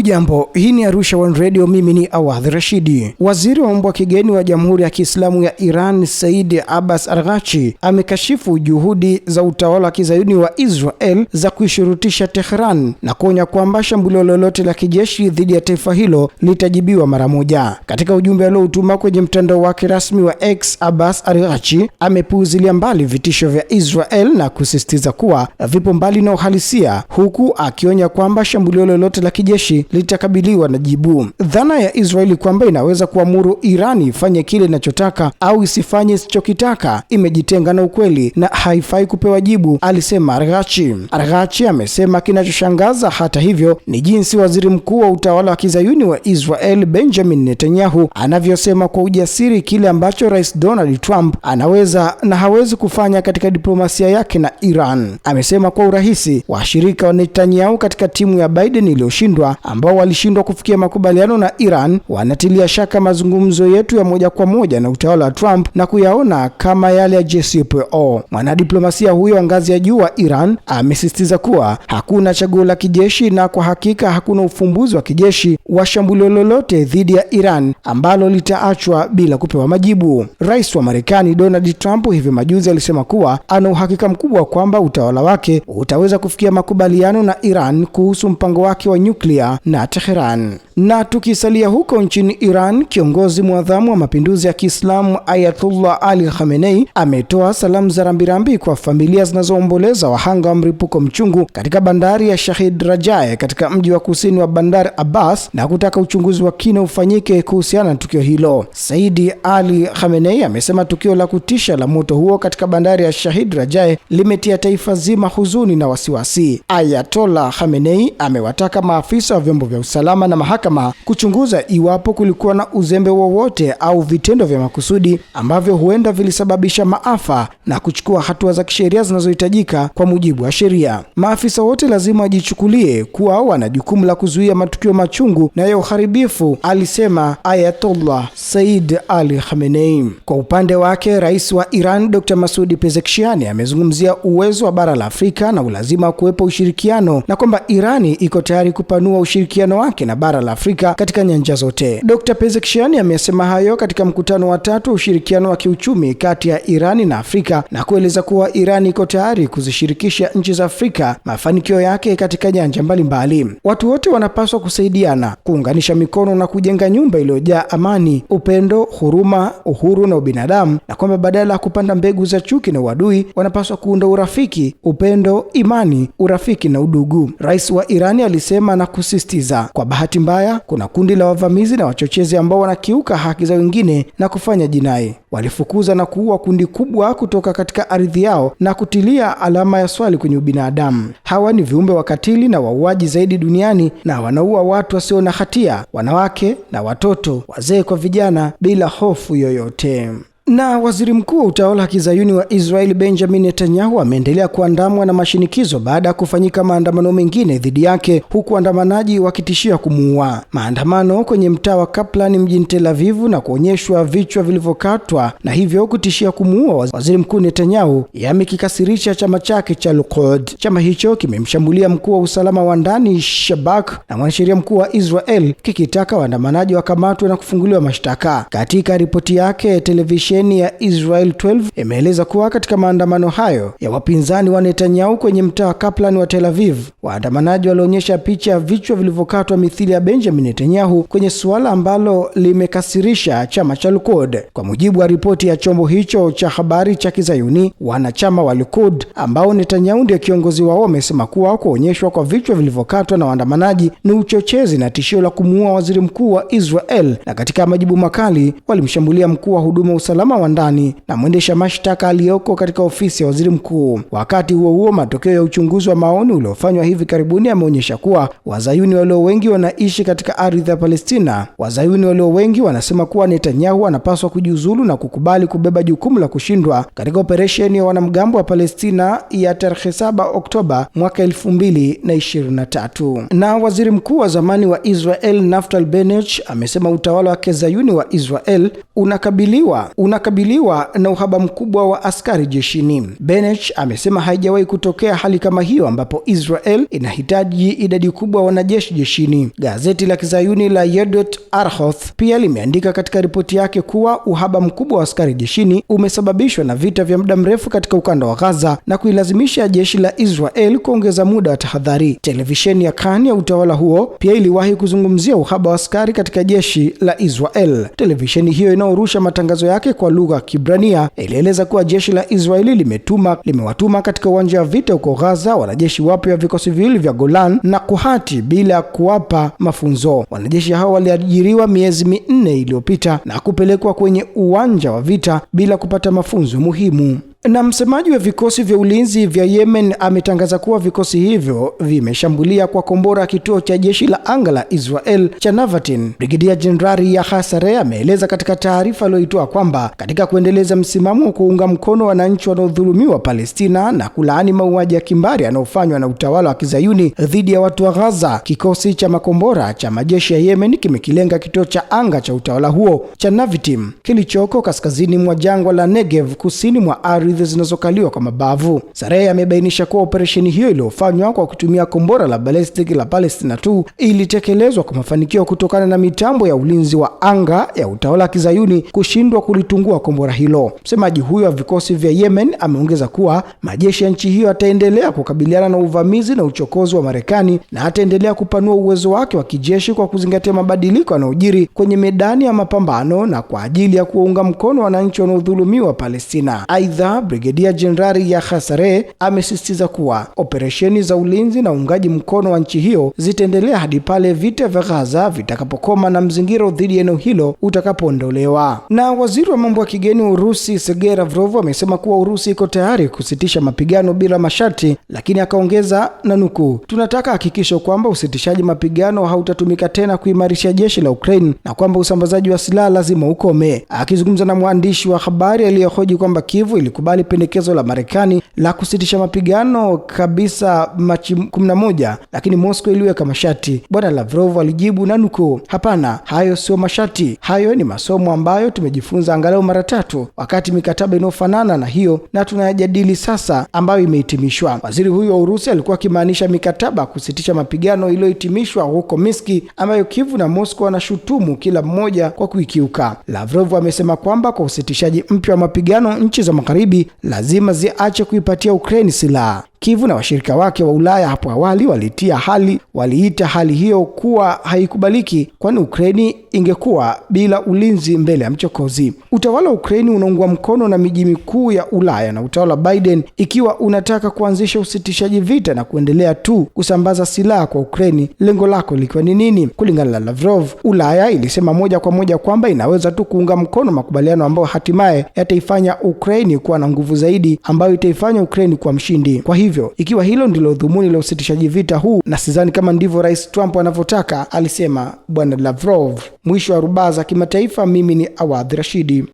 Hujambo, hii ni Arusha One Radio, mimi ni Awadh Rashidi. Waziri wa mambo ya kigeni wa Jamhuri ya Kiislamu ya Iran, saidi Abbas Araghchi, amekashifu juhudi za utawala wa kizayuni wa Israel za kuishurutisha Tehran na kuonya kwamba shambulio lolote la kijeshi dhidi ya taifa hilo litajibiwa mara moja. Katika ujumbe alioutuma kwenye mtandao wake rasmi wa X, Abbas Araghchi amepuuzilia mbali vitisho vya Israel na kusisitiza kuwa vipo mbali na uhalisia, huku akionya kwamba shambulio lolote la kijeshi litakabiliwa na jibu. Dhana ya Israeli kwamba inaweza kuamuru Irani ifanye kile inachotaka au isifanye isichokitaka imejitenga na ukweli na haifai kupewa jibu, alisema Arghachi. Arghachi amesema kinachoshangaza hata hivyo ni jinsi waziri mkuu wa utawala wa kizayuni wa Israel Benjamin Netanyahu anavyosema kwa ujasiri kile ambacho Rais Donald Trump anaweza na hawezi kufanya katika diplomasia yake na Iran. Amesema kwa urahisi washirika wa Netanyahu katika timu ya Biden iliyoshindwa ambao walishindwa kufikia makubaliano na Iran wanatilia shaka mazungumzo yetu ya moja kwa moja na utawala wa Trump na kuyaona kama yale ya JCPOA. Mwanadiplomasia huyo wa ngazi ya juu wa Iran amesisitiza kuwa hakuna chaguo la kijeshi na kwa hakika hakuna ufumbuzi wa kijeshi wa shambulio lolote dhidi ya Iran ambalo litaachwa bila kupewa majibu. Rais wa Marekani Donald Trump hivi majuzi alisema kuwa ana uhakika mkubwa kwamba utawala wake utaweza kufikia makubaliano na Iran kuhusu mpango wake wa nyuklia na Teheran. Na tukisalia huko nchini Iran, kiongozi mwadhamu wa mapinduzi ya Kiislamu Ayatullah Ali Khamenei ametoa salamu za rambirambi kwa familia zinazoomboleza wahanga wa mripuko mchungu katika bandari ya Shahid Rajae katika mji wa kusini wa Bandar Abbas na kutaka uchunguzi wa kina ufanyike kuhusiana na tukio hilo. Saidi Ali Khamenei amesema tukio la kutisha la moto huo katika bandari ya Shahid Rajae limetia taifa zima huzuni na wasiwasi. Ayatollah Khamenei amewataka maafisa wa vyombo vya usalama na mahakama kuchunguza iwapo kulikuwa na uzembe wowote au vitendo vya makusudi ambavyo huenda vilisababisha maafa na kuchukua hatua za kisheria zinazohitajika kwa mujibu wa sheria. Maafisa wote lazima wajichukulie kuwa wana jukumu la kuzuia matukio machungu na ya uharibifu, alisema Ayatollah Said Ali Khamenei. Kwa upande wake, rais wa Iran Dr. Masudi Pezeshkian amezungumzia uwezo wa bara la Afrika na ulazima wa kuwepo ushirikiano na kwamba Irani iko tayari kupanua ushirikiano ushirikiano wake na bara la Afrika katika nyanja zote. Dr. Pezeshkian amesema hayo katika mkutano wa tatu ushirikiano wa kiuchumi kati ya Irani na Afrika na kueleza kuwa Irani iko tayari kuzishirikisha nchi za Afrika mafanikio yake katika nyanja mbalimbali. Watu wote wanapaswa kusaidiana, kuunganisha mikono na kujenga nyumba iliyojaa amani, upendo, huruma, uhuru na ubinadamu, na kwamba badala ya kupanda mbegu za chuki na uadui, wanapaswa kuunda urafiki, upendo, imani, urafiki na udugu. Rais wa Irani alisema na kusisitiza amesisitiza, kwa bahati mbaya, kuna kundi la wavamizi na wachochezi ambao wanakiuka haki za wengine na kufanya jinai. Walifukuza na kuua kundi kubwa kutoka katika ardhi yao na kutilia alama ya swali kwenye ubinadamu. Hawa ni viumbe wakatili na wauaji zaidi duniani, na wanaua watu wasio na hatia, wanawake na watoto, wazee kwa vijana, bila hofu yoyote. Na waziri mkuu wa utawala wa kizayuni wa Israeli Benjamin Netanyahu ameendelea kuandamwa na mashinikizo baada ya kufanyika maandamano mengine dhidi yake, huku waandamanaji wakitishia kumuua. Maandamano kwenye mtaa wa Kaplan mjini Tel Aviv na kuonyeshwa vichwa vilivyokatwa na hivyo kutishia kumuua waziri mkuu Netanyahu yamekikasirisha chama chake cha Likud. Chama hicho kimemshambulia mkuu wa usalama wa ndani Shabak na mwanasheria mkuu wa Israel kikitaka waandamanaji wakamatwe na kufunguliwa mashtaka. Katika ripoti yake televisheni televisheni ya Israel 12 imeeleza kuwa katika maandamano hayo ya wapinzani wa Netanyahu kwenye mtaa wa Kaplan wa Tel Aviv, waandamanaji walionyesha picha ya vichwa vilivyokatwa mithili ya Benjamin Netanyahu, kwenye suala ambalo limekasirisha chama cha Likud. Kwa mujibu wa ripoti ya chombo hicho cha habari cha Kizayuni, wanachama wa Likud ambao Netanyahu ndiye kiongozi wao wamesema kuwa kuonyeshwa kwa vichwa vilivyokatwa na waandamanaji ni uchochezi na tishio la kumuua waziri mkuu wa Israel, na katika majibu makali walimshambulia mkuu wa huduma usalama usalama wa ndani na mwendesha mashtaka aliyoko katika ofisi ya waziri mkuu. Wakati huo huo, matokeo ya uchunguzi wa maoni uliofanywa hivi karibuni yameonyesha kuwa wazayuni walio wengi wanaishi katika ardhi ya Palestina. Wazayuni walio wengi wanasema kuwa Netanyahu anapaswa kujiuzulu na kukubali kubeba jukumu la kushindwa katika operesheni ya wanamgambo wa Palestina ya tarehe 7 Oktoba mwaka 2023. Na waziri mkuu wa zamani wa Israel Naftali Bennett amesema utawala wa Kezayuni wa Israel unakabiliwa una linakabiliwa na uhaba mkubwa wa askari jeshini. Benech amesema haijawahi kutokea hali kama hiyo ambapo Israel inahitaji idadi kubwa wanajeshi jeshini. Gazeti la kizayuni la Yedot Arhoth pia limeandika katika ripoti yake kuwa uhaba mkubwa wa askari jeshini umesababishwa na vita vya muda mrefu katika ukanda wa Gaza na kuilazimisha jeshi la Israel kuongeza muda wa tahadhari. Televisheni ya Kan ya utawala huo pia iliwahi kuzungumzia uhaba wa askari katika jeshi la Israel. Televisheni hiyo inayorusha matangazo yake kwa lugha ya Kibrania ilieleza kuwa jeshi la Israeli limetuma limewatuma katika uwanja wa vita huko Gaza wanajeshi wapya wa vikosi viwili vya Golan na Kuhati bila ya kuwapa mafunzo. Wanajeshi hao waliajiriwa miezi minne iliyopita na kupelekwa kwenye uwanja wa vita bila kupata mafunzo muhimu. Na msemaji wa vikosi vya ulinzi vya Yemen ametangaza kuwa vikosi hivyo vimeshambulia kwa kombora kituo cha jeshi la anga la Israel cha Navatin. Brigedia Jenerali Yahya Saree ameeleza katika taarifa aliyoitoa kwamba katika kuendeleza msimamo wa kuunga mkono wananchi wanaodhulumiwa Palestina na kulaani mauaji ya kimbari yanayofanywa na utawala wa Kizayuni dhidi ya watu wa Gaza, kikosi cha makombora cha majeshi ya Yemen kimekilenga kituo cha anga cha utawala huo cha Navatin kilichoko kaskazini mwa jangwa la Negev kusini mwa ardhi zinazokaliwa kwa mabavu. sarei amebainisha kuwa operesheni hiyo iliyofanywa kwa kutumia kombora la balistiki la Palestina 2 ilitekelezwa kwa mafanikio kutokana na mitambo ya ulinzi wa anga ya utawala wa kizayuni kushindwa kulitungua kombora hilo. Msemaji huyo wa vikosi vya Yemen ameongeza kuwa majeshi ya nchi hiyo yataendelea kukabiliana na uvamizi na uchokozi wa Marekani na ataendelea kupanua uwezo wake wa kijeshi kwa kuzingatia mabadiliko yanayojiri kwenye medani ya mapambano na kwa ajili ya kuwaunga mkono wananchi wanaodhulumiwa Palestina. Aidha, Brigedia Jenerali Yahya hasare amesisitiza kuwa operesheni za ulinzi na uungaji mkono wa nchi hiyo zitaendelea hadi pale vita vya Gaza vitakapokoma na mzingiro dhidi ya eneo hilo utakapoondolewa. Na waziri wa mambo ya kigeni Urusi Sergei Lavrov amesema kuwa Urusi iko tayari kusitisha mapigano bila masharti, lakini akaongeza na nukuu, tunataka hakikisho kwamba usitishaji mapigano hautatumika tena kuimarisha jeshi la Ukraine na kwamba usambazaji wa silaha lazima ukome. Akizungumza na mwandishi wa habari aliyehoji kwamba Kivu ilikubali kukubali pendekezo la Marekani la kusitisha mapigano kabisa Machi 11, lakini Moscow iliweka masharti. Bwana Lavrov alijibu na nukuu, hapana, hayo sio masharti, hayo ni masomo ambayo tumejifunza angalau mara tatu wakati mikataba inayofanana na hiyo na tunayajadili sasa, ambayo imehitimishwa. Waziri huyo wa Urusi alikuwa akimaanisha mikataba kusitisha mapigano iliyohitimishwa huko miski ambayo Kivu na Moscow wanashutumu kila mmoja kwa kuikiuka. Lavrov amesema kwamba kwa usitishaji mpya wa mapigano, nchi za magharibi lazima ziache kuipatia Ukraine silaha Kivu na washirika wake wa Ulaya hapo awali walitia hali waliita hali hiyo kuwa haikubaliki, kwani Ukraini ingekuwa bila ulinzi mbele ya mchokozi. Utawala wa Ukraini unaungwa mkono na miji mikuu ya Ulaya na utawala Biden ikiwa unataka kuanzisha usitishaji vita na kuendelea tu kusambaza silaha kwa Ukraini, lengo lako likiwa ni nini? Kulingana na Lavrov, Ulaya ilisema moja kwa moja kwamba inaweza tu kuunga mkono makubaliano ambayo hatimaye yataifanya Ukraini kuwa na nguvu zaidi, ambayo itaifanya Ukraini kuwa mshindi. Kwa hivyo hivyo ikiwa hilo ndilo dhumuni la usitishaji vita huu, na sidhani kama ndivyo Rais Trump anavyotaka, alisema Bwana Lavrov. Mwisho wa rubaa za kimataifa. Mimi ni Awadhi Rashidi.